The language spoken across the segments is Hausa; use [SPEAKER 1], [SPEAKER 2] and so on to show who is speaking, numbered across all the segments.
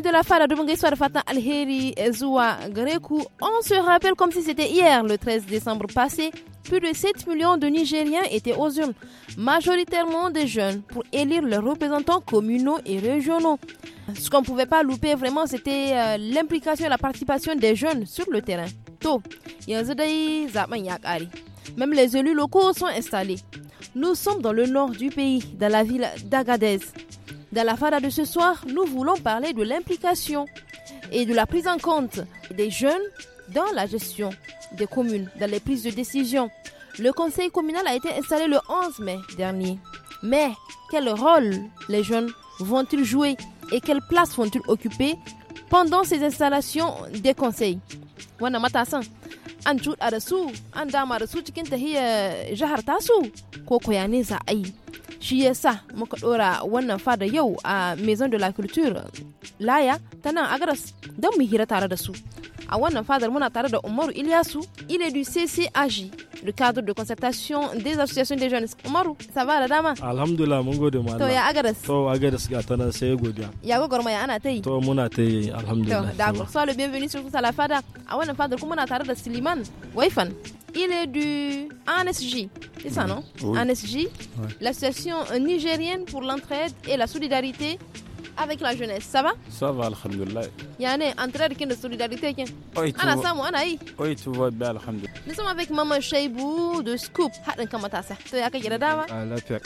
[SPEAKER 1] de la on se rappelle comme si c'était hier, le 13 décembre passé, plus de 7 millions de Nigériens étaient aux urnes, majoritairement des jeunes, pour élire leurs représentants communaux et régionaux. Ce qu'on ne pouvait pas louper vraiment, c'était euh, l'implication et la participation des jeunes sur le terrain. Même les élus locaux sont installés. Nous sommes dans le nord du pays, dans la ville d'Agadez. Dans la FADA de ce soir, nous voulons parler de l'implication et de la prise en compte des jeunes dans la gestion des communes, dans les prises de décision. Le conseil communal a été installé le 11 mai dernier. Mais quel rôle les jeunes vont-ils jouer et quelle place vont-ils occuper pendant ces installations des conseils shi yasa muka dora wannan fada yau a maison de la culture laya ta nan agaras don mu hira tare da su a wannan fadar muna tare da Umaru Ilyasu il est du CCAJ le cadre de concertation des associations des jeunes Umaru ça va da dama
[SPEAKER 2] alhamdulillah mun gode ma to ya agaras to agaras ga ta nan sai godiya
[SPEAKER 1] ya gogorma ya ana ta to
[SPEAKER 2] muna ta alhamdulillah d'accord
[SPEAKER 1] sois le bienvenu sur la fada a wannan fadar kuma muna tare da Siliman Waifan il est du ANSJ, c'est ça non oui. ANSJ, oui. l'association nigérienne pour l'entraide et la solidarité avec la jeunesse. Ça va
[SPEAKER 3] Ça va, Alhamdulillah.
[SPEAKER 1] Yanné, entraide de solidarité. Oui, tout va.
[SPEAKER 3] Oui, tout va bien, Alhamdulillah.
[SPEAKER 1] Nous sommes avec Maman Cheibou de Scoop. ça Kamatasa. Ah, tu es à Kagera Dawa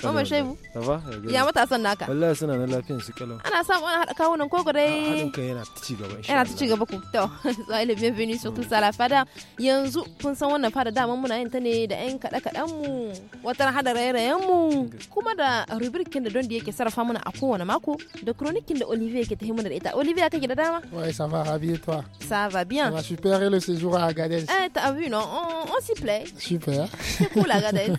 [SPEAKER 4] Maman Cheibou. Ça va Ya matasa naka. Allah sana na lafiyan su kalau.
[SPEAKER 1] Ana samu ana hada kawunan koko dai. Ah, Hadin ah,
[SPEAKER 4] kai yana ta gaba insha Allah. Yana
[SPEAKER 1] ta gaba ku. To, soyez le bienvenu sur tout ça la fada. Yanzu kun san wannan fada dama muna yin ta ne da ƴan kada kadan mu. hada raye-rayen mu. Kuma da rubrikin da don da yake sarrafa mana a na mako chronique Olivier qui Olivier,
[SPEAKER 5] Ouais, ça va, ravi toi Ça va bien. Ça va super le séjour à Agadez. Eh,
[SPEAKER 1] t'as vu, non On, s'y plaît.
[SPEAKER 5] Super. C'est
[SPEAKER 1] cool, Agadez.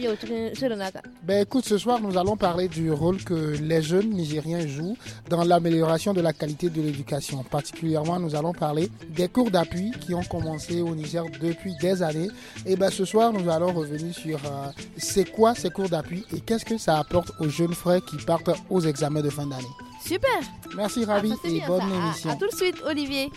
[SPEAKER 1] Euh,
[SPEAKER 5] ben écoute, ce soir, nous allons parler du rôle que les jeunes Nigériens jouent dans l'amélioration de la qualité de l'éducation. Particulièrement, nous allons parler des cours d'appui qui ont commencé au Niger depuis des années. Et ben ce soir, nous allons revenir sur euh, c'est quoi ces cours d'appui et qu'est-ce que ça apporte aux jeunes frères qui partent aux examens sommet de fin d'année.
[SPEAKER 1] Super Merci Ravi ah, et bonne ça. Ah, émission. À, tout de suite Olivier.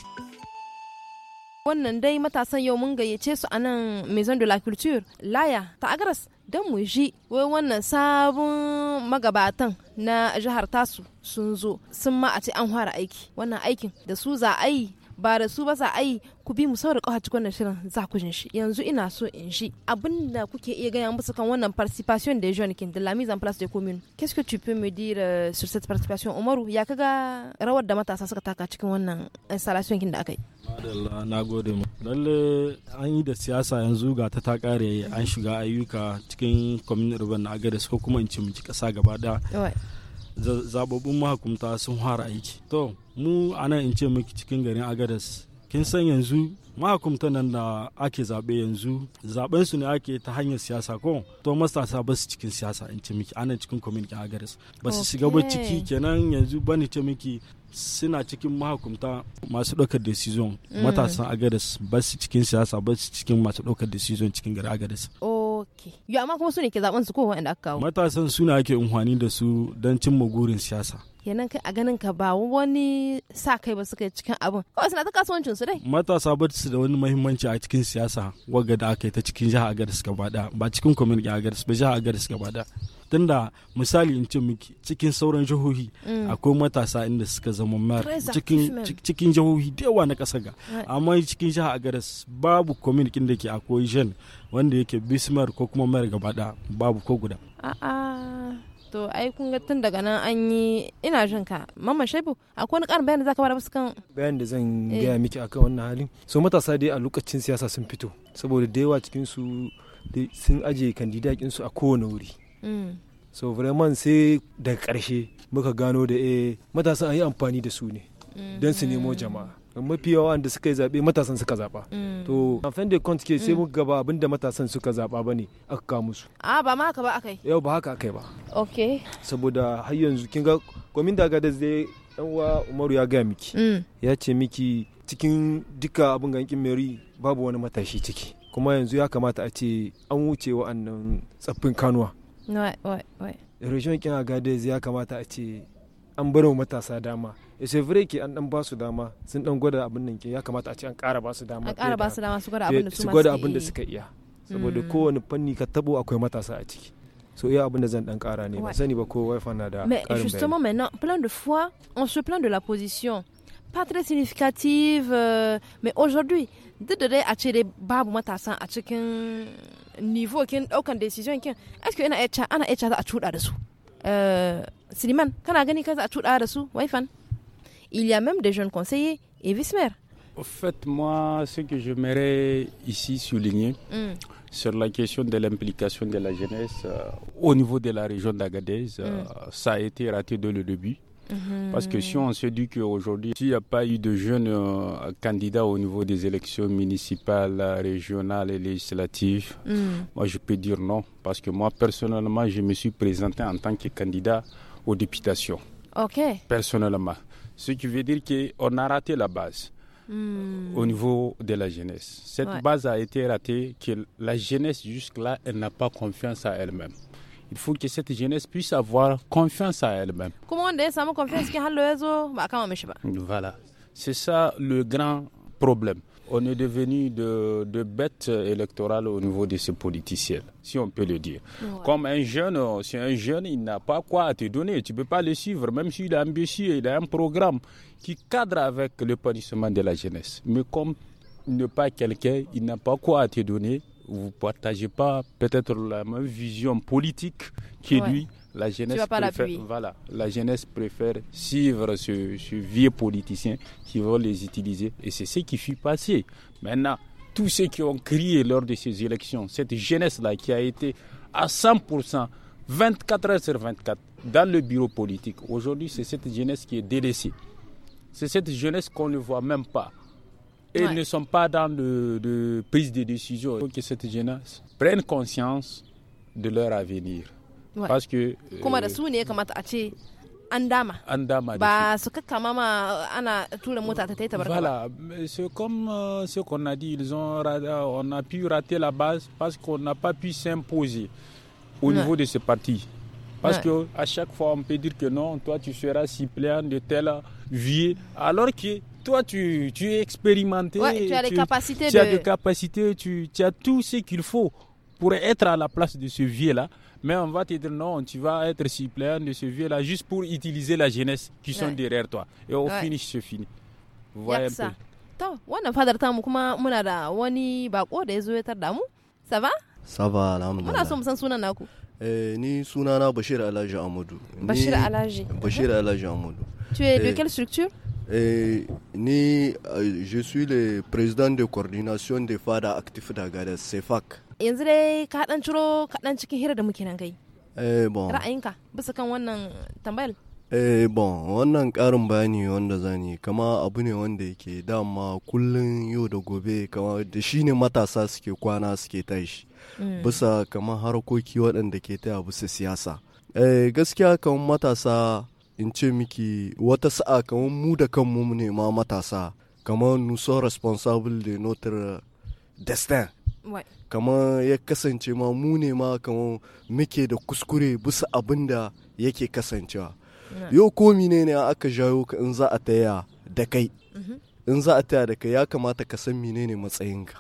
[SPEAKER 1] wannan dai matasan yau mun gayyace su a nan maison de la culture laya ta agras don mu ji wai wannan sabon magabatan na jihar tasu sun zo sun ma a ce an fara aiki wannan aikin da su za a yi ba da su ba za a yi ku bi mu saboda ƙawa cikin wannan shirin za ku jin shi yanzu ina so in shi abin da kuke iya gaya musu kan wannan participation des jeunes kin de la mise en place des communes qu'est-ce que tu peux me dire euh, sur cette participation Umaru ya kaga rawar da matasa suka taka cikin wannan installation kin da aka yi
[SPEAKER 2] Madalla na gode mu lalle an yi da siyasa yanzu ga ta ta kare an shiga ayyuka cikin community urban na agadis ko kuma in ci mu ci kasa gaba daya zababbun mahakumta sun fara aiki to mu anan in ce miki cikin garin agadas kin san yanzu mahakumta nan da ake zaɓe yanzu zaɓen su ne ake ta hanyar siyasa ko to masasa ba su cikin siyasa in ce miki anan cikin community agadas ba su shiga ba ciki kenan yanzu ni ce miki suna cikin mahakumta masu ɗaukar decision mm. matasan agadas ba su cikin siyasa ba su cikin masu ɗaukar decision cikin gari agadas
[SPEAKER 1] oh. ok yo amma kuma su ne ke zaben su ko wanda aka kawo
[SPEAKER 2] matasan suna ake unhwani da su don cimma gurin siyasa
[SPEAKER 1] kenan kai a ganin ka ba wani sa kai ba suka cikin abin kawai suna ta kasuwancin su dai
[SPEAKER 2] matasa ba su da wani muhimmanci a cikin siyasa wagga da aka yi ta cikin jihar agaris gaba ba cikin kwamin agaris ba jihar agaris gaba tunda misali in ce miki cikin sauran jihohi mm. akwai matasa inda suka zama mayar cikin jihohi da yawa na ƙasa ga amma cikin jiha garas babu kwamitin da ke akwai jen wanda yake bismar ko kuma mayar gaba babu ko guda
[SPEAKER 1] to ai kun ga tun daga nan an yi ina jin ka mamman shaibu akwai wani karin bayanin da zaka bada musu kan
[SPEAKER 4] bayan da zan eh. gaya miki akan wannan halin so matasa dai a lokacin siyasa sun fito saboda da yawa cikin su sun aje kandidakin su a kowane wuri Mm. so vraiment sai daga karshe muka gano da eh matasan an yi amfani da su ne mm-hmm. don su nemo jama'a mafi yawa da suka yi zaɓe matasan suka zaɓa. Mm. To, a fin da kont ke sai mm. muka gaba abinda matasan suka zaɓa ba ne aka kawo musu.
[SPEAKER 1] A ah, ba ma haka ba akai.
[SPEAKER 4] Yau ba haka akai ba. Ok. Saboda har yanzu kin ga komin da gadar zai dan uwa Umaru ya gaya miki. Ya ce miki cikin duka abin gankin Mary babu wani matashi ciki. Kuma yanzu ya kamata a ce an wuce wa'annan tsaffin kanuwa.
[SPEAKER 1] ouais, ouais, ouais.
[SPEAKER 4] region kin agadez ya kamata a ce an bar matasa dama eh, sai vrai ke an dan un su dama sun dan gwada abin nan ke ya kamata a ce an kara ba su dama an kara ba su
[SPEAKER 1] dama su gwada abin da su gwada abin da suka iya saboda mm.
[SPEAKER 4] kowane fanni ka tabo akwai matasa a ciki So, il y a Mais justement,
[SPEAKER 1] maintenant, plein de fois, on se plaint de la position. Pas très significative, euh, mais aujourd'hui, duk da dai a ce dai babu matasan a cikin nivo kin daukan decision kin aske yana iya ana iya a cuda da su Siliman kana gani kaza a cuda da su waifan il y a même des jeunes conseillers et vice
[SPEAKER 3] au fait moi ce que je mérais ici souligner mm. sur la question de l'implication de la jeunesse euh, au niveau de la région d'Agadez mm. euh, hmm. ça a été raté dès le début parce que si on se dit qu'aujourd'hui, s'il n'y a pas eu de jeunes euh, candidats au niveau des élections municipales, régionales et législatives, mm. moi je peux dire non. Parce que moi personnellement, je me suis présenté en tant que candidat aux députations. OK. Personnellement. Ce qui veut dire qu'on a raté la base.
[SPEAKER 6] Mm. au
[SPEAKER 3] niveau de la jeunesse. Cette base a été ratée, que la jeunesse jusque-là, elle n'a pas confiance à elle-même il faut que cette jeunesse puisse avoir confiance à elle-même.
[SPEAKER 1] Comment bah,
[SPEAKER 3] Voilà, c'est ça le grand problème. On est devenu de, bêtes électorales au niveau de ces politiciens, si on peut le dire. Comme un jeune, euh, si un jeune, il n'a pas quoi à te donner, tu ne peux pas le suivre, même s'il est ambitieux, il a un programme qui cadre avec le l'épanouissement de la jeunesse. Mais comme il n'est pas quelqu'un, il n'a pas quoi à te donner, vous partagez pas peut-être la même vision politique qui lui. La jeunesse, préfère, voilà, la jeunesse préfère suivre ce, vieux politicien qui va les utiliser. Et c'est ce qui fut passé. Maintenant, tous ceux qui ont crié lors de ces élections, cette jeunesse-là qui a été à 100%, 24 heures sur 24, dans le bureau politique, aujourd'hui, c'est cette jeunesse qui est délaissée. C'est cette jeunesse qu'on ne voit même pas et ne sont pas dans de, prise de décision. Il faut que cette jeunesse prenne conscience de leur avenir. Parce que. comme euh, ce qu'on a dit ils ont euh, on a pu rater la base parce qu'on n'a pas pu s'imposer au niveau de ce parti parce qu'à que à chaque fois on peut dire que non toi tu seras si plein, de telle vie alors que toi, tu, tu es expérimenté. Ouais, tu as les tu, capacités. Tu as des capacités, tu, tu as tout ce qu'il faut pour être à la place de ce vieux-là. Mais on va te dire non, tu vas être suppléant de ce vieux-là juste pour utiliser la jeunesse qui sont derrière toi. Et au ouais. finish, c'est fini. Voilà un peu. Ça
[SPEAKER 1] va?
[SPEAKER 7] Ça va, alhamdulillah. Eh, ni Sunana Bashir Alaji Amadou. Bashir Alaji. Bashir Alaji Amadou. Tu es de eh, quelle structure Et, ni euh, je suis le président de coordination des fada actifs dagada CEFAC.
[SPEAKER 1] Yanzu dai ka dan ciro ka dan cikin hira da muke nan kai. Eh bon. Ra'ayinka bisa kan wannan tambayar?
[SPEAKER 7] Eh bon, wannan karin bayani wanda zan yi kama abu ne wanda yake dama kullun yau da gobe kama da shine matasa suke kwana suke tashi. Mm. Bisa kama harkoki waɗanda ke taya bisa siyasa. Eh gaskiya kan matasa in ce miki wata sa'a kamar mu da kanmu ne ma matasa kamar nous responsable responsables de notre destin kamar ya kasance ma mu ne ma kamar muke da kuskure bisa abin da yake kasancewa yau ko ne ne aka jawo ka in za a taya da kai mhm. in za a taya da kai ya kamata ka san mine ne matsayinka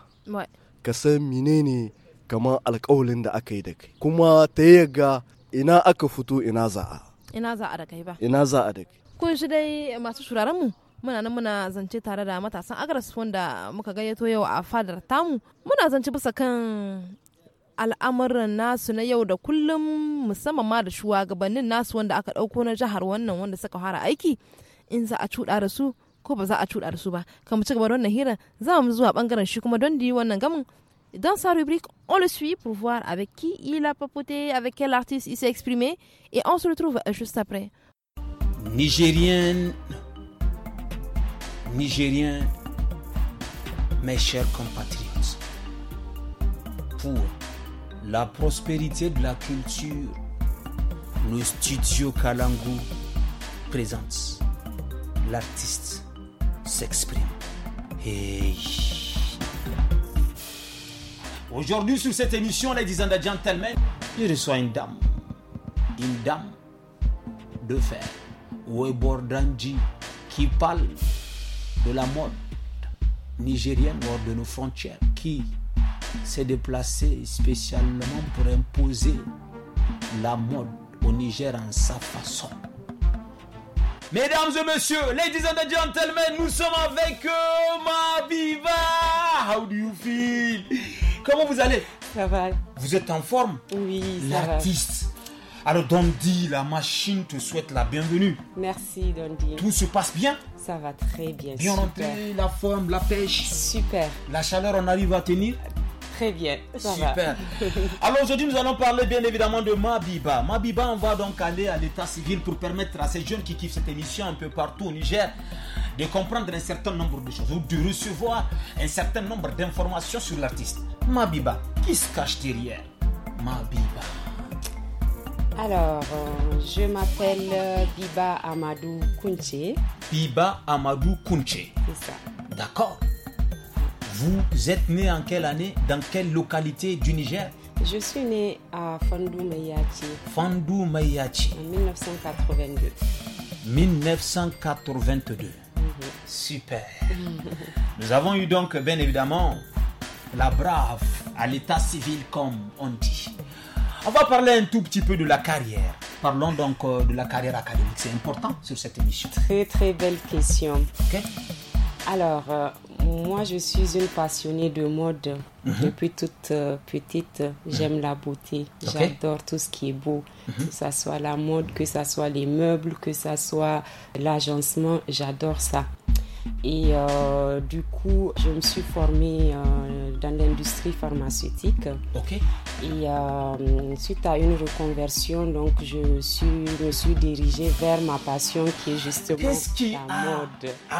[SPEAKER 7] ka san mine ne kamar alkawalin da aka yi da kai kuma ta yaga ina aka fito ina za'a
[SPEAKER 1] ina za a da kai ba
[SPEAKER 7] ina za a da kai
[SPEAKER 1] kun shi dai masu shuraren mu muna nan muna zance tare da matasan agras wanda muka gayyato yau a fadar tamu muna zance bisa kan al'amuran nasu na yau da kullum musamman ma da shugabannin nasu wanda aka ɗauko na jihar wannan wanda suka fara aiki in za a cuɗa da su ko ba za a cuɗa da su ba kan ci gaba da wannan hira za mu zuwa bangaren shi kuma don di wannan gamin don sa rubric on le suit pour voir avec qui il a papoté, avec quel artiste il s'est exprimé. Et on se retrouve juste après.
[SPEAKER 8] Nigérien, Nigérien, mes chers compatriotes, pour la prospérité de la culture, le studio Kalangu présente l'artiste s'exprime. Hey. Aujourd'hui, sur cette émission, ladies and gentlemen, je reçois une dame. Une dame de fer. Webordanji, qui parle de la mode nigérienne hors de nos frontières, qui s'est déplacée spécialement pour imposer la mode au Niger en sa façon. Mesdames et messieurs, ladies and gentlemen, nous sommes avec euh, viva, How do you
[SPEAKER 9] feel? Comment vous allez Ça va.
[SPEAKER 8] Vous êtes en forme Oui, ça L'artiste. Alors Dondi, la machine te souhaite la bienvenue.
[SPEAKER 9] Merci Dondi. Tout se passe bien Ça va très bien. Bien rentré, la forme, la pêche. Super. La chaleur, on arrive à tenir Très bien. Super.
[SPEAKER 8] Alors aujourd'hui, nous allons parler bien évidemment de Mabiba. Mabiba, on va donc aller à l'état civil pour permettre à ces jeunes qui kiffent cette émission un peu partout au Niger de comprendre un certain nombre de choses ou de recevoir un certain nombre d'informations sur l'artiste. Mabiba, qui se cache derrière Mabiba.
[SPEAKER 9] Alors, euh, je m'appelle euh, Biba Amadou Kounche.
[SPEAKER 8] Biba Amadou Kounche. C'est ça. D'accord. Vous êtes né en quelle année Dans quelle localité du Niger
[SPEAKER 9] je suis né à Fandou Mayachi.
[SPEAKER 8] Fandou Mayachi. En 1982. 1982. Super. Nous avons eu donc, bien évidemment, la brave à l'état civil, comme on dit. On va parler un tout petit peu de la carrière. Parlons donc euh, de la carrière académique. C'est important sur cette émission. Très, très
[SPEAKER 9] belle question. OK. Alors, euh, moi, je suis une passionnée de mode mhm. depuis toute euh, petite. Mhm. J'aime la beauté. J'adore tout ce qui est beau. Mhm. Que ce soit la mode, que ce soit les meubles, que ce soit l'agencement, j'adore ça. Et euh, du coup, je me suis formée euh, dans l'industrie pharmaceutique. Ok. Et euh, suite à une reconversion, donc je me suis dirigée vers ma passion qui est justement Qu'est-ce qui a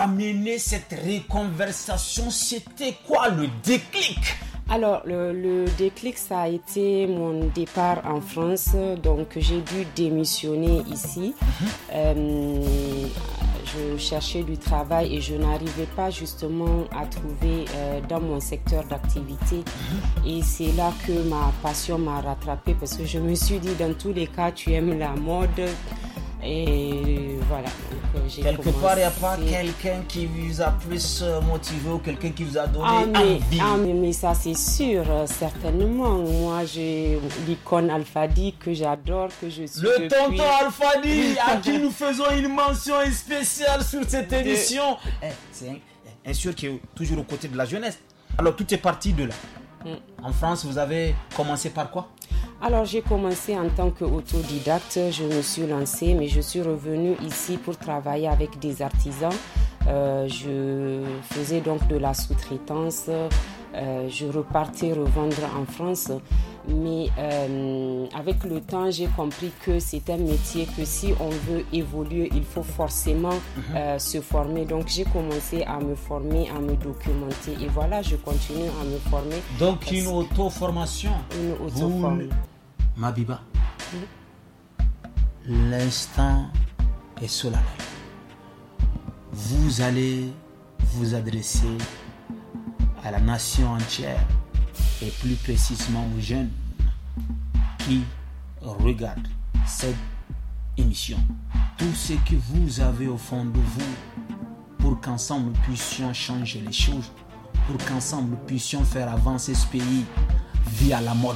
[SPEAKER 8] amené cette reconversion C'était quoi le déclic
[SPEAKER 9] alors, le, déclic, ça a été mon départ en France. Donc, j'ai dû démissionner ici. Mm-hmm je cherchais du travail et je n'arrivais pas justement à trouver euh, dans mon secteur d'activité. Et c'est là que ma passion m'a rattrapée parce que je me suis dit, dans tous les cas, tu aimes la mode. Et voilà. Euh, Quelque part, il n'y a pas
[SPEAKER 8] quelqu'un qui vous a plus euh, motivé ou quelqu'un qui vous a donné ah, mais, envie. Ah, mais,
[SPEAKER 9] ça, c'est sûr, euh, certainement. Moi, j'ai l'icône Alphadi que j'adore, que je suis. Le tonton Alphadi, à
[SPEAKER 8] qui nous faisons une mention spéciale sur cette émission. Eh, c'est un, sûr qui est toujours aux côtés de la jeunesse. Alors, tout est parti de là. Mm. En France, vous avez commencé par quoi
[SPEAKER 9] alors j'ai commencé en tant qu'autodidacte, je me suis lancée, mais je suis revenue ici pour travailler avec des artisans. Euh, je faisais donc de la sous-traitance, euh, je repartais revendre en France. Mais euh, avec le temps, j'ai compris que c'est un métier que si on veut évoluer, il faut forcément mhm. euh, se former. Donc j'ai commencé à me former, à me documenter. Et voilà, je continue à me former.
[SPEAKER 8] Donc une auto-formation. Une auto-formation. Mabiba, l'instant est solennel. Vous allez vous adresser à la nation entière et plus précisément aux jeunes qui regardent cette émission. Tout ce que vous avez au fond de vous pour qu'ensemble puissions changer les choses, pour qu'ensemble puissions faire avancer ce pays via la mode.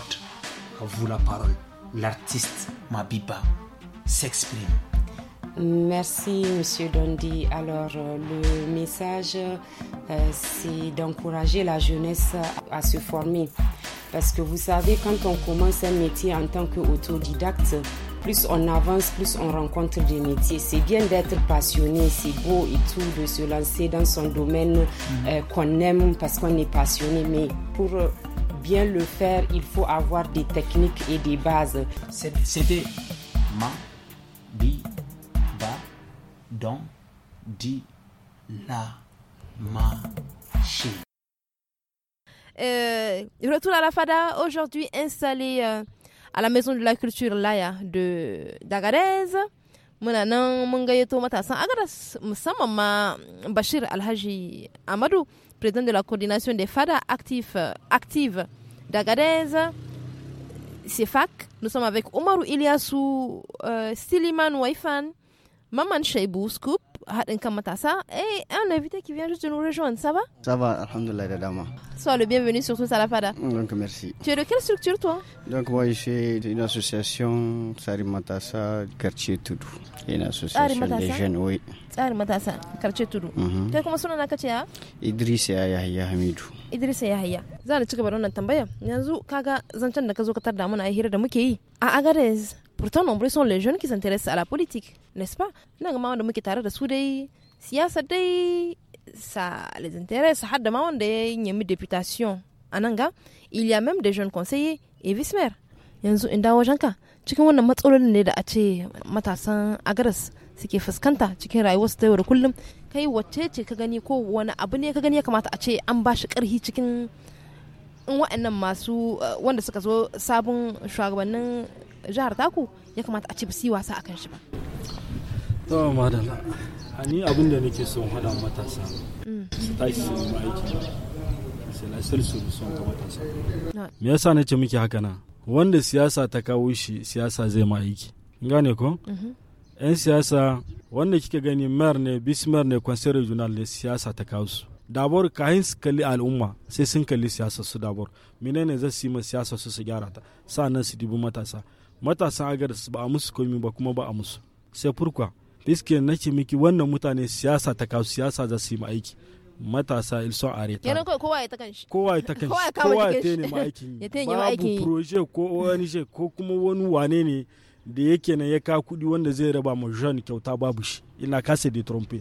[SPEAKER 8] À vous la parole. L'artiste Mabiba s'exprime.
[SPEAKER 9] Merci, Monsieur Dondi. Alors, euh, le message, euh, c'est d'encourager la jeunesse à se former. Parce que vous savez, quand on commence un métier en tant qu'autodidacte, plus on avance, plus on rencontre des métiers. C'est bien d'être passionné, c'est beau et tout, de se lancer dans son domaine euh, qu'on aime parce qu'on est passionné. Mais pour bien le faire, il faut avoir des techniques et des bases. C'était
[SPEAKER 8] ma vie dans dit la machine.
[SPEAKER 1] Euh, retour à la FADA, aujourd'hui installé euh, à la maison de la culture Laya de d'Agadez. muna nan matasan agaras ma bashir alhaji Amadou, président de la coordination des fada actives euh, active d'Agadez CEFAC. Nous sommes avec Omarou Iliassou, euh, Siliman Waifan, Maman Cheibou, Scoop, Hatin Kamatasa, et un invité qui vient juste de nous rejoindre, ça va
[SPEAKER 10] Ça va, Alhamdulillah, Dadama.
[SPEAKER 1] Sois le bienvenu sur Tous à la Fada.
[SPEAKER 10] Donc, merci. Tu
[SPEAKER 1] es de quelle structure, toi
[SPEAKER 10] Donc, moi, je suis d'une association Sarimatassa, quartier Toudou. Une association des jeunes, oui.
[SPEAKER 1] Sarimatassa, quartier Toudou. Mhm. Tu as commencé dans la quartier
[SPEAKER 10] Idriss Yahya Hamidou.
[SPEAKER 1] Idriss Yahya. Za da cigaba da wannan tambaya, yanzu kaga zancen da ka zo ka tarda mana da muke yi a Agadez Pourtant, nombreux sont les jeunes qui s'intéressent à la politique, n'est-ce pas ça les intéresse. députation. Il y a même des jeunes conseillers et vice-maires. yanzu inda wajen janka cikin wannan matsalolin ne da a ce matasan agaras suke fuskanta cikin rayuwarsu ta yau da kullum kai wacce ce ka gani ko wani abu ne ka gani ya kamata a ce an ba shi karhi cikin wa'annan masu wanda suka zo sabon shugabannin jihar taku ya kamata a ci ba su yi wasa akan shi ba
[SPEAKER 2] to madala ni abin da nake son hada matasa mm. su tashi su aiki su lasar su son ka matasa me yasa ce muke haka na wanda siyasa ta kawo shi siyasa zai ma aiki gane ko mm-hmm. yan siyasa wanda kika gani mayor ne bismar ne conseil regional ne siyasa ta kawo su dabor kahin su kalli al'umma sai sun kalli siyasa su dabor menene zai su yi ma siyasa su su gyara ta sa'annan su dubi matasa matasan agadas ba a musu komi ba kuma ba a musu sai furkwa fiske nake miki wannan mutane siyasa ta kasu siyasa za su yi aiki matasa ilson are ta
[SPEAKER 1] kowa ya ta kan shi kowa ya ta kanshi kowa ya tene ma aikin babu
[SPEAKER 2] proje ko ONG ko kuma wani wane ne da yake nan ya ka kudi wanda zai raba ma Jean kyauta babu shi ina kasa de trompe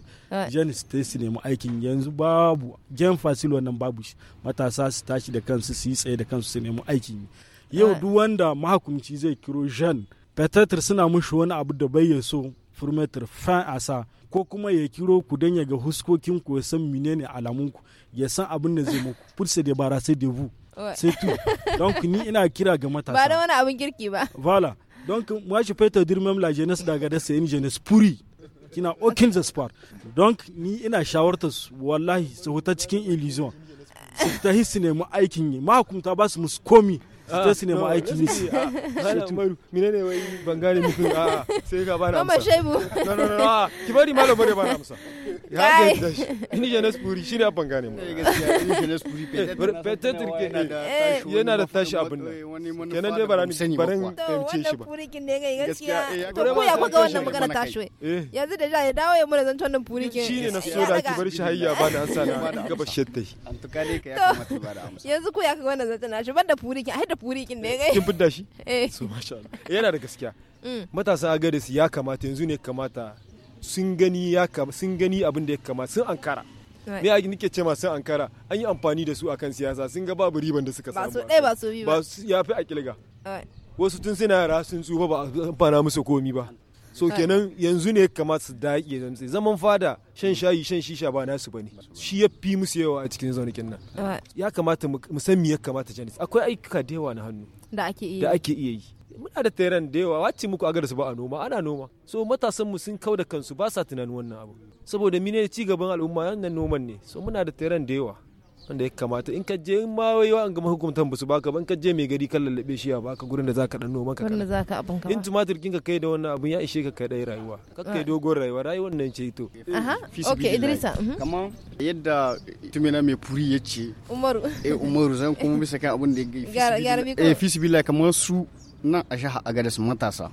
[SPEAKER 2] Jean Stacy ne aikin yanzu babu Jean Fasil wannan babu shi matasa su tashi da kansu su yi tsaye da kansu su nemi aikin yi yau eh. duk wanda mahakumci zai kiro jean petatar suna mushi wani abu da bai so furmetar fin asa ko kuma ya kiro ku don ya ga huskokin ku ya san menene alamun ku ya san abin da zai muku pulse de bara sai de vous
[SPEAKER 1] c'est tout donc ni
[SPEAKER 2] ina kira ga matasa ba da
[SPEAKER 1] wani abin kirki ba
[SPEAKER 2] voilà donc moi je peux te dire même la jeunesse da c'est une jeunesse pourri kina okin the espoir donc ni ina shawarta su wallahi su huta cikin illusion su ta hissi nemi aikin yi mahukunta ba su musu komi su su nemi aiki ne su shi maru mine ne wai ban
[SPEAKER 4] gane mutum a ah, sai ka bani amsa
[SPEAKER 1] shebu no no no
[SPEAKER 4] ah, ki bari malam bare bani amsa ya ga ni je shi ne ban gane mu eh,
[SPEAKER 1] gaskiya ni je
[SPEAKER 4] naspuri petetir ke yana da eh. tashi abin nan kenan dai barani baran fahimce shi ba
[SPEAKER 1] furikin ne ga gaskiya eh, to ko ya kuka wannan magana ta shi yanzu da ya dawo ya mu da zanton nan shi ne na so
[SPEAKER 4] da ki bar shi hayya ba da hasana gaba shetta an tuka
[SPEAKER 10] ka ya
[SPEAKER 1] kamata ba da amsa yanzu ko ya kuka wannan zanton nashi banda ke ai da furikin da ya eh, gai kin fidda shi eh. so
[SPEAKER 4] masha Allah eh, yana da gaskiya mm. matasa a gare su ya kamata yanzu ne kamata sun gani ya sun gani abin da ya kamata sun ankara ne a nike ce masu ankara an yi amfani da su akan siyasa sun ga babu riban da suka samu ba su dai ba su biyu ba ya fi a kilga wasu tun suna yara sun tsufa ba a amfana musu komi ba so kenan yanzu ne kamata su daƙe zamtse zaman fada shan shayi shan shisha ba nasu bane shi ya fi musu yawa a cikin zaunakin nan ya kamata mu san me ya kamata janis akwai ayyuka da yawa na hannu
[SPEAKER 1] da ake iya da ake
[SPEAKER 4] iya yi muna da tairan da yawa wacce muku agar su ba a noma ana noma so matasan mu sun kau da kansu ba sa tunanin wannan abu saboda mine ci gaban al'umma nan noman ne so muna da tairan da yawa wanda ya kamata in ka je ma wai wa an ga mahukuntan ba su baka ba in ka je mai gari kan lallabe shi ya baka gurin da zaka dan noma ka gurin da
[SPEAKER 1] zaka abun ka in
[SPEAKER 4] tumatir kinka kai da wannan abun ya ishe ka kai dai rayuwa ka kai ah. dogon rayuwa rayuwar nan ce to
[SPEAKER 1] aha eh, okay
[SPEAKER 10] idrisa mhm. kaman yadda tumina mai furi ce
[SPEAKER 1] umaru eh umaru zan kuma bisa
[SPEAKER 10] kan abun da ya ga eh fisibila kamar su na a shaha gadas matasa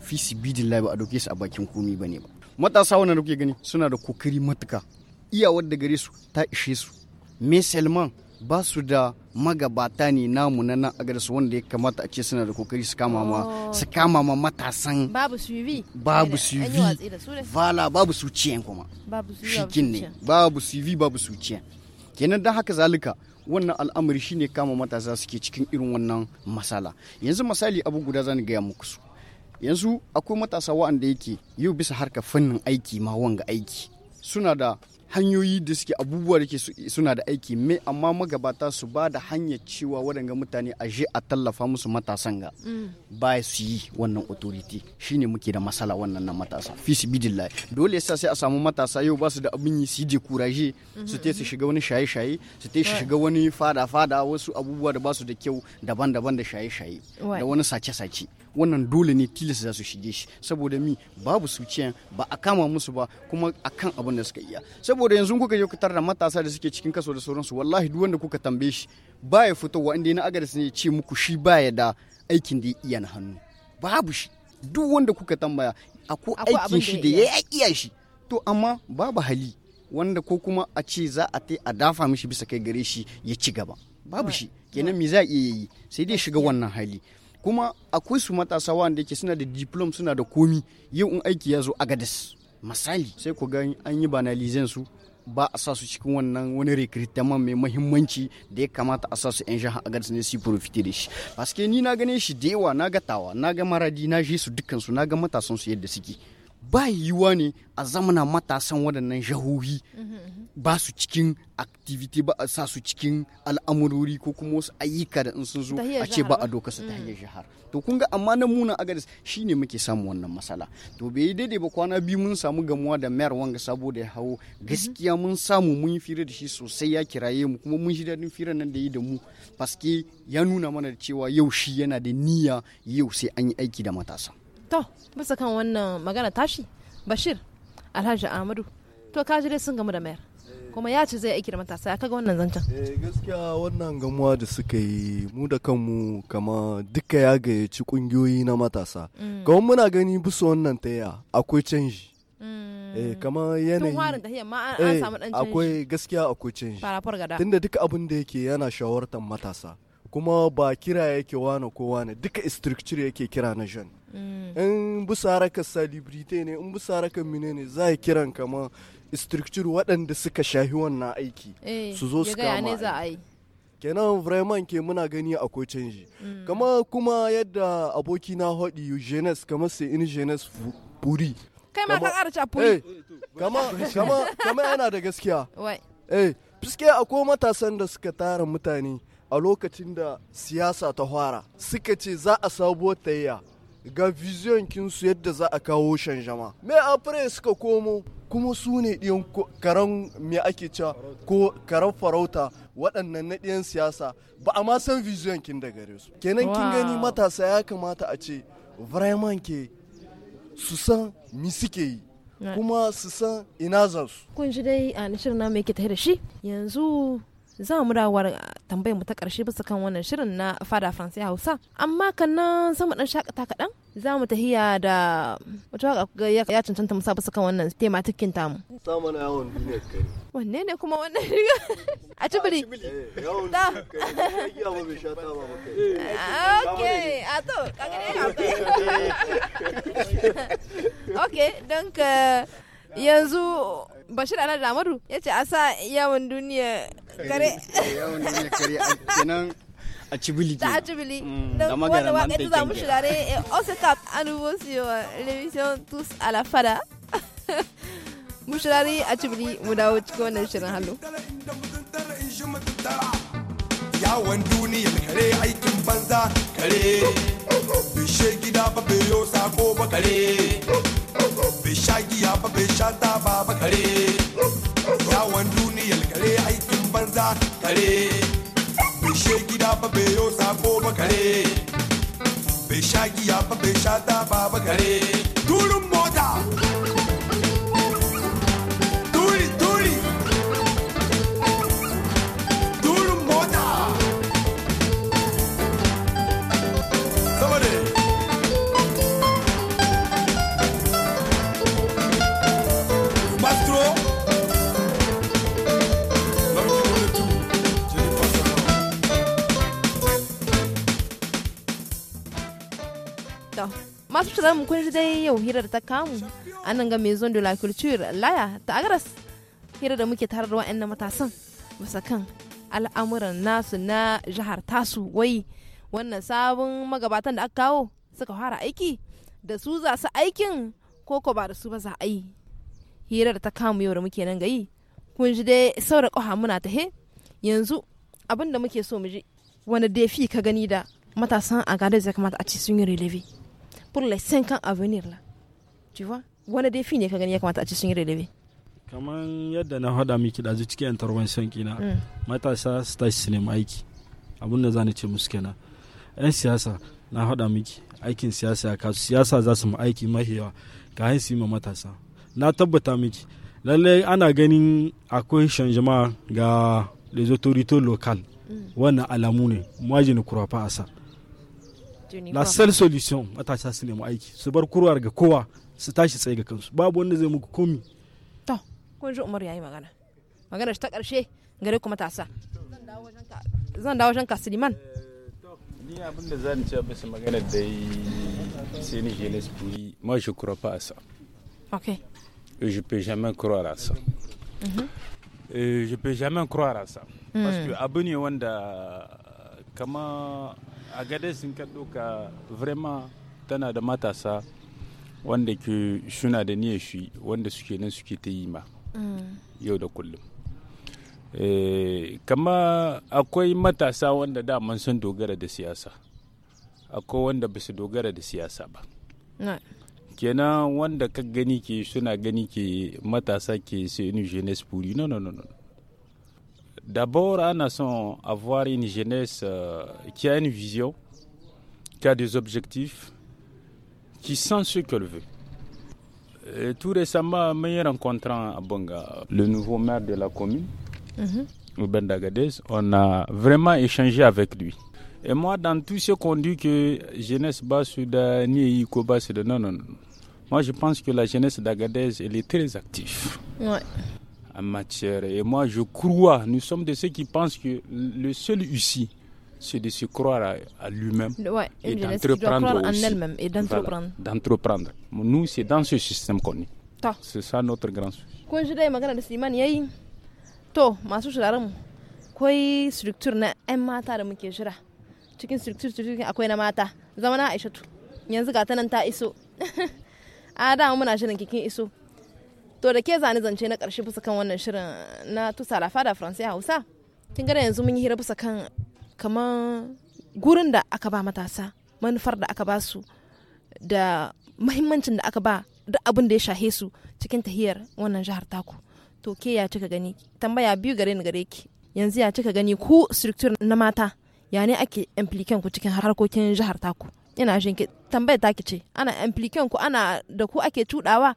[SPEAKER 10] fisibidillah ba a dauke su a bakin komi ba ne ba matasa wannan da kuke gani suna da kokari matuka iyawar da gare su ta ishe su meselman ba su da magabata ne namu na nan agarsu wanda ya kamata a ce suna da kokari su kama ma oh. su kama ma matasan
[SPEAKER 1] babu yi babu yi vala
[SPEAKER 10] babu ciyen kuma
[SPEAKER 1] shikin ne
[SPEAKER 10] babu su yi babu su ciyen kenan da haka zalika wannan al'amari shine kama matasa suke cikin irin wannan masala yanzu misali abu guda zan gaya muku su yanzu akwai matasa wa'anda yake yau bisa harka fannin aiki ma wanga aiki suna da hanyoyi da suke abubuwa da ke suna da aiki me amma magabata su ba da hanyar cewa waɗanga mutane a je a tallafa musu matasan ga mm. ba su yi wannan authority shine muke da masala wannan na matasa fi su bidillahi dole yasa sai a samu matasa yau ba su da abin yi su je kuraje mm-hmm. su te su shiga wani shaye-shaye su te su shiga wani fada-fada wasu abubuwa da ba su da kyau daban-daban da shaye-shaye da wani sace-sace wannan dole ne tilas za su shige shi saboda mi babu su ba a kama musu ba kuma a akan abin da suka iya saboda yanzu kuka je kutar da matasa da suke cikin kaso da sauransu wallahi duk wanda kuka tambaye shi baya fitowa inda na agaris ne ce muku shi baya da aikin da ya iya na hannu babu shi duk wanda kuka tambaya akwai aikin shi da ya iya shi to amma babu hali wanda ko kuma a ce za a ta a dafa mishi bisa kai gare shi ya ci gaba babu shi kenan me za a iya yi sai dai shiga wannan hali kuma akwai su matasa wanda yake suna da diplom suna da komi yau in aiki ya zo agadis misali sai ku ga an yi banalizan su ba a sa su cikin wannan wani rekritaman mai mahimmanci da ya kamata a sa su yan jihar agadis ne su profite da shi paske ni na gane shi da yawa na ga tawa na ga maradi na je su dukkan su na ga matasan su yadda suke ba yiwuwa ne a zamana matasan waɗannan jahohi ba su cikin activity ba a sa su cikin al'amurori ko kuma wasu ayyuka da in sun zo a ce ba a doka su ta hanyar mm. jihar to kun ga amma na muna shi ne muke samu wannan matsala to bai daidai ba kwana biyu mun samu gamuwa da mayar wanga sabo da ya hawo gaskiya mun samu mun yi fira da shi sosai ya kiraye mu kuma mun shi daɗin fira nan da yi da mu paske ya nuna mana da cewa yau shi yana da niyya yau sai an yi aiki da matasa
[SPEAKER 1] to bisa kan wannan magana tashi bashir alhaji Amadu to kaji dai sun gamu da mayar kuma ya ce zai aiki da matasa ya kaga wannan
[SPEAKER 7] zancen eh, gaskiya wannan gamuwa da suka yi mu da kanmu kama duka ya gayyaci kungiyoyi na matasa mm. kawai muna gani bisa wannan taya akwai canji mm. eh kama yanayi
[SPEAKER 1] eh akwai
[SPEAKER 7] gaskiya akwai canji tunda duka abin da yake yana shawartar matasa kuma ba kira yake wane kowa ne duka structure yake kira na jeune Mm. in bisa haraka salibrite ne in bisa haraka mine ne za a kiran kama structure waɗanda suka shahi wannan aiki eh, su zo su kama kenan vraiment ke muna gani akwai canji mm. kama kuma yadda aboki na haɗi jenes kama sai in jenes puri kai ma ka ƙara capuri eh, kama kama kama yana da gaskiya eh fiske akwai matasan da suka tara mutane a lokacin da siyasa ta fara suka ce za a sabuwar tayya ga vision kinsu yadda za a kawo shanjama mai apre suka komo kuma su ne ɗiyan karan me ake cewa ko karan farauta waɗannan na ɗiyan siyasa ba a ma san vision kin da gare su kenan kin gani matasa ya kamata a ce vraiment ke su san mi suke yi kuma su san ina za su kun ji
[SPEAKER 1] dai a nishir na mai ke da shi yanzu za mu dawowar ah, tambayar mu ta ƙarshe bisa kan wannan shirin na fada faransa hausa amma kan nan za mu dan shakata kaɗan za mu tahiya da wata waka ya cancanta musa bisa kan wannan tematikin tamu. Ta
[SPEAKER 7] mana yawon duniyar kare.
[SPEAKER 1] Wanne ne kuma wannan riga?
[SPEAKER 6] A cibiri.
[SPEAKER 1] Eh, yawon duniyar kare. Ya ta ba maka. Eh, ah, a to, Ok, yanzu Bashir Alhaji Amadu ya ce a sa yawon duniya kare.
[SPEAKER 10] Yawon duniya kare kenan a cibili ke. A cibili. Mm. Da magana man da za mu shiga ne
[SPEAKER 1] eh, Oscar Anubosio Revision tus a la fara Mu shiga ne a cibili mu dawo cikin wannan shirin hallo.
[SPEAKER 4] Yawon duniya kare aikin banza kare. Bishe gida ba bai yo sako ba kare. bishagi ya fa bishata baba kare yawon duniyar kare aikin banza kare bishe gida fa beyo sako ba kare bishagi ya fa bishata baba
[SPEAKER 8] kare turun
[SPEAKER 1] masu shirar mu kun dai yau hirar ta kamu a nan ga maison de la culture laya ta agaras hirar da muke tare da wa'annan matasan masa kan al'amuran nasu na jihar tasu wai wannan sabon magabatan da aka kawo suka fara aiki da su za su aikin ko ko ba da su ba za a yi hirar ta kamu yau da muke nan ga yi kun ji dai saura ƙoha muna ta he yanzu abin da muke so mu ji wani defi ka gani da matasan a gada ya kamata a ce sun yi relevi pour les 5 ans à venir là tu vois wane dai fi ne ka gani ya kamata a ci sun yi relevé Kaman
[SPEAKER 2] yadda na hada miki da cikin intervention kina mm. matasa su tashi su nemi aiki abin da zani ce musu kenan yan siyasa na hada miki aikin siyasa ya kasu siyasa za su mu aiki mahi yawa ga su yi ma matasa na tabbata miki lalle ana ganin akwai shanjama ga les autorités locales mm. wannan alamu ne majini kurafa a sa la seule solution matasa su nemi aiki su bar kurwar kowa su tashi tsaye ga kansu babu wanda zai muku komi
[SPEAKER 1] to kun ji umar yayi magana magana ta karshe gare ku matasa zan dawo wajen ka eh,
[SPEAKER 3] ni abin da zan ce bisa magana da yi sai ni je l'esprit moi je crois pas à ça
[SPEAKER 1] ok et
[SPEAKER 3] je peux jamais croire à ça mhm. et je peux jamais croire à ça parce hmm. que abune wanda kama a gades sun ka ɗauka vrema tana da matasa wanda ke suna da niyar shi wanda suke nan suke ta yi ma mm. yau da kullum eh, kama akwai matasa wanda daman sun dogara da siyasa akwai wanda ba su dogara da siyasa ba kenan wanda ka gani ke suna gani ke matasa ke sai jeunesse pour no no no no D'abord, en avoir une jeunesse euh, qui a une vision, qui a des objectifs, qui sent ce qu'elle veut. tout récemment, me rencontrant à Bonga le nouveau maire de la commune, mm Dagadez. on a vraiment échangé avec lui. Et moi, dans tout ce qu'on dit que jeunesse bas ni Ikoba, c'est de non, non, non. Moi, je pense que la jeunesse d'Agadez, elle est très active en matière. Et moi, je crois, nous sommes de ceux qui pensent que le seul ici, c'est de se croire à, à lui-même ouais, et d'entreprendre en elle-même et d'entreprendre. Voilà, d'entreprendre. Nous, c'est dans ce système qu'on est. C'est ça notre grand souci.
[SPEAKER 1] Kun shi dai magana da Siman yayi to masu shiraran mu akwai structure na 'yan mata da muke shira cikin structure cikin akwai na mata zama na Aishatu yanzu ga ta nan ta iso a da muna shirin kikin iso to da ke zane zance na karshe bisa kan wannan shirin na tusa lafa da faransai hausa kin gane yanzu mun yi hira bisa kan kamar gurin da aka ba matasa manufar da aka ba su da mahimmancin da aka ba duk abin da ya shahe su cikin tahiyar wannan jihar taku to ke ya cika gani tambaya biyu gare ni gare ki yanzu ya cika gani ku structure na mata ya ne ake impliken ku cikin harkokin jihar taku ina shin ki ta ki ce ana impliken ku ana da ku ake cudawa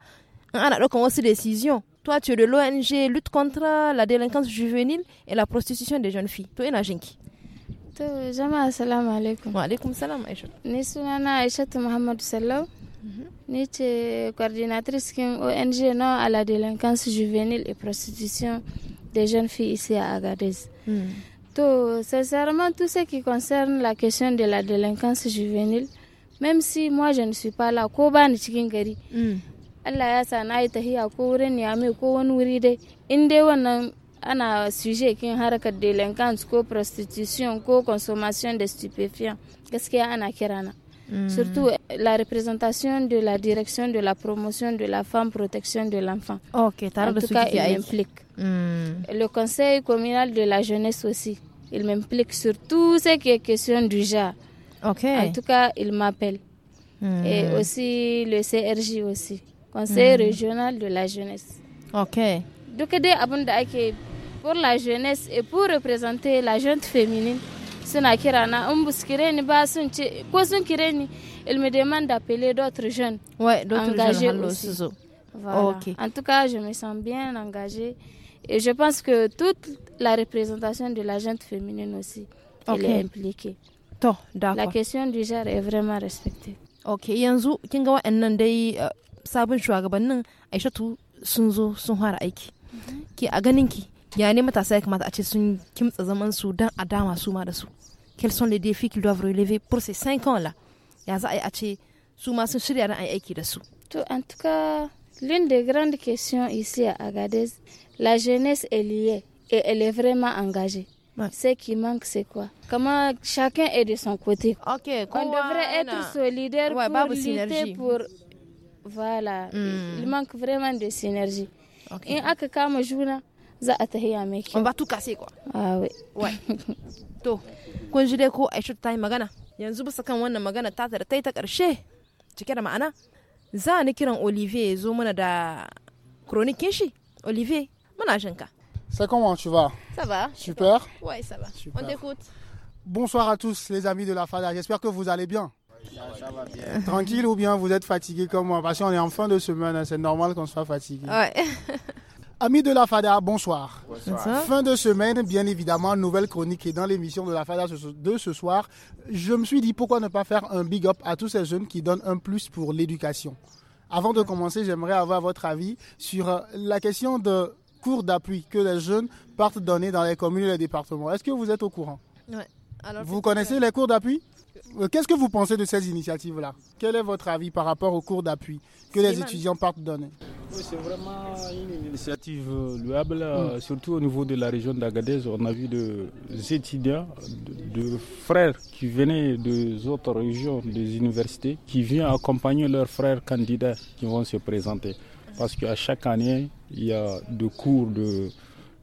[SPEAKER 1] ana ah, ɗaukan wasu décision toi tu es de l'ONG lutte contre la délinquance juvénile et la prostitution des jeunes filles Toi, es jinki
[SPEAKER 6] to jama'a assalamu alaikum wa alaikum salam aisha ni aisha aishatu muhammadu ni coordinatrice de ONG non à la délinquance juvénile et prostitution des jeunes filles ici à Agadez hmm. sincèrement tout ce qui concerne la question de la délinquance juvénile même si moi je ne suis pas là Koba bani cikin Allah ya sa na yi tahiya ko wurin yami ko wani wuri dai in dai wannan ana suje kin harkar delinquents ko prostitution ko consommation de stupéfiants Qu'est-ce gaskiya ana kira na. Mm. surtout eh, la représentation de la direction de la promotion de la femme, protection de l'enfant. Ok, en tout cas, il m'implique. Mm. Le conseil communal de la jeunesse aussi, il m'implique sur tout ce qui est question du genre. Ok. En tout cas, il m'appelle. Mm. Et aussi le CRJ aussi conseil mm. régional de la jeunesse. Ok. Donc pour la jeunesse et pour représenter la jeune féminine suna bah, me demande d'appeler d'autres jeunes ouais, engagés jeunes aussi. En tout cas, je me sens bien engagée et je pense que toute la représentation de la jeune féminine aussi est impliquée. la question du genre est vraiment respectée. Ok, yanzu kin ga wa'annan
[SPEAKER 1] sabon shugabannin aishatu sun zo sun fara aiki ki a ganin ki ya ne matasa ya kamata a ce sun kimtsa zaman su dan a dama su ma da su quels sont les défis qu'ils doivent relever pour ces 5 ans là ya za a yi a ce su ma sun shirya ran aiki da su
[SPEAKER 6] to en tout cas l'une des grandes questions ici à Agadez la jeunesse est liée et elle est vraiment engagée ouais. ce qui manque c'est quoi comment chacun est de son côté okay, on devrait être solidaire ouais, pour voilà, il hmm. manque vraiment de synergie. Okay. aka kama juna, za a tahiya mai On va tout casser quoi. Ah oui. Ouais. to, kun je
[SPEAKER 1] ko Aisha ta time magana? Yanzu bisa kan wannan magana ta da ta ta karshe cike da ma'ana. Za ni kiran Olivier zo mana da chronique shi. Olivier, muna jinka. C'est comment tu vas Ça va. Super. Ouais, ça va. On t'écoute. Bonsoir
[SPEAKER 5] à tous les amis de la FADA. J'espère que vous allez bien.
[SPEAKER 1] Ça Tranquille
[SPEAKER 5] ou bien vous êtes fatigué comme moi Parce qu'on est en fin de semaine, hein, c'est normal qu'on soit fatigué. Ouais. Amis de la FADA, bonsoir. bonsoir. Fin de semaine, bien évidemment, nouvelle chronique et dans l'émission de la FADA de ce soir, je me suis dit pourquoi ne pas faire un big up à tous ces jeunes qui donnent un plus pour l'éducation. Avant de commencer, j'aimerais avoir votre avis sur euh, la question de cours d'appui que les jeunes partent donner dans les communes et les départements. Est-ce que vous êtes au courant Vous connaissez les cours d'appui euh, qu'est-ce que vous pensez de ces initiatives-là Quel est votre avis par rapport aux cours d'appui que les étudiants partent donner
[SPEAKER 3] c'est vraiment une initiative euh, louable, euh, mm. surtout au niveau de la région d'Agadez. On a vu des étudiants, de, frères qui venaient des autres régions, des universités, qui viennent accompagner leurs frères candidats qui vont se présenter. Parce qu'à chaque année, il y a des cours de,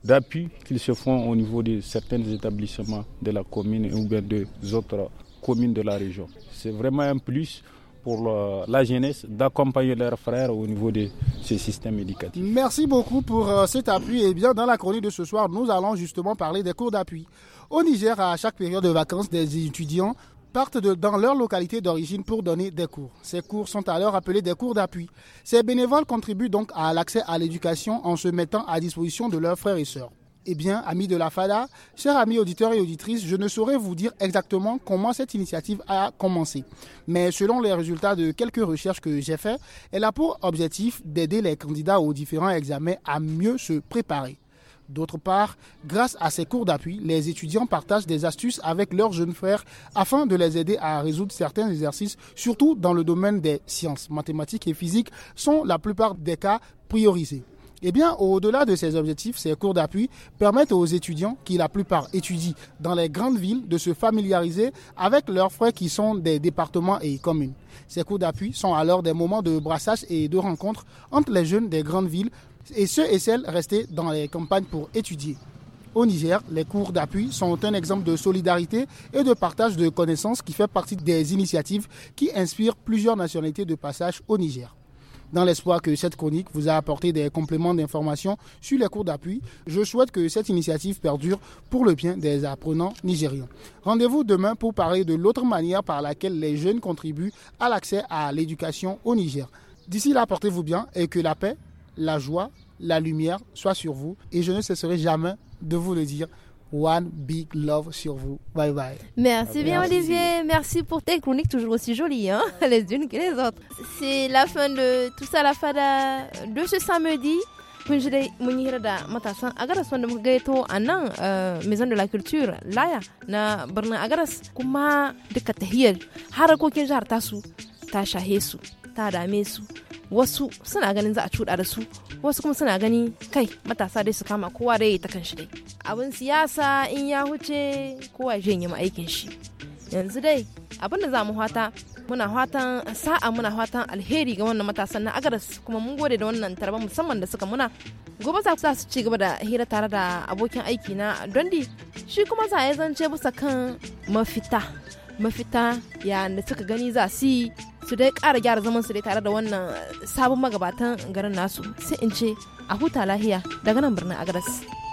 [SPEAKER 3] d'appui qui se font au niveau de certains établissements de la commune ou bien des autres communes de la région. C'est vraiment un plus pour la jeunesse d'accompagner leurs frères au niveau de ce système éducatif. Merci beaucoup pour euh, cet appui. Et eh
[SPEAKER 5] bien, dans la chronique de ce soir, nous allons justement parler des cours d'appui. Au Niger, à chaque période de vacances, des étudiants partent dans leur localité d'origine pour donner des cours. Ces cours sont alors appelés des cours d'appui. Ces bénévoles contribuent donc à l'accès à l'éducation en se mettant à disposition de leurs frères et sœurs. Eh bien, amis de la FADA, chers amis auditeurs et auditrices, je ne saurais vous dire exactement comment cette initiative a commencé. Mais selon les résultats de quelques recherches que j'ai faites, elle a pour objectif d'aider les candidats aux différents examens à mieux se préparer. D'autre part, grâce à ces cours d'appui, les étudiants partagent des astuces avec leurs jeunes frères afin de les aider à résoudre certains exercices, surtout dans le domaine des sciences. Mathématiques et physiques sont la plupart des cas priorisés. Eh bien, au-delà de ces objectifs, ces cours d'appui permettent aux étudiants, qui la plupart étudient dans les grandes villes, de se familiariser avec leurs frères qui sont des départements et communes. Ces cours d'appui sont alors des moments de brassage et de rencontre entre les jeunes des grandes villes et ceux et celles restés dans les campagnes pour étudier. Au Niger, les cours d'appui sont un exemple de solidarité et de partage de connaissances qui fait partie des initiatives qui inspirent plusieurs nationalités de passage au Niger dans l'espoir que cette chronique vous a apporté des compléments d'information sur les cours d'appui. Je souhaite que cette initiative perdure pour le bien des apprenants nigériens. Rendez-vous demain pour parler de l'autre manière par laquelle les jeunes contribuent à l'accès à l'éducation au Niger. D'ici là, portez-vous bien et que la paix, la joie, la lumière soient sur vous. Et je ne cesserai jamais de vous le dire. One big love sur vous. Bye bye.
[SPEAKER 1] Merci bien Olivier, merci pour tes chroniques toujours aussi jolies, hein les unes que les autres. C'est la fin de tout ça, la fin de ce samedi. Je euh, maison de la culture laya na barna agaras kuma de tasu ta wasu suna ganin za a cuɗa da su wasu kuma suna gani kai matasa dai su kama kowa da ya ta kanshi dai abin siyasa in ya huce kowa ya yi aikin shi yanzu dai abin da za mu hata muna hatan sa'a muna hatan alheri ga wannan matasan na agaras kuma mun gode da wannan tarban musamman da suka muna gobe za su ci gaba da hira tare da abokin aiki na dondi shi kuma za ya zance bisa kan mafita mafita yayin da suka gani za su yi su dai ƙara gyara zaman su dai tare da wannan sabon magabatan garin nasu sai in ce a huta lahiya daga nan birnin agadas.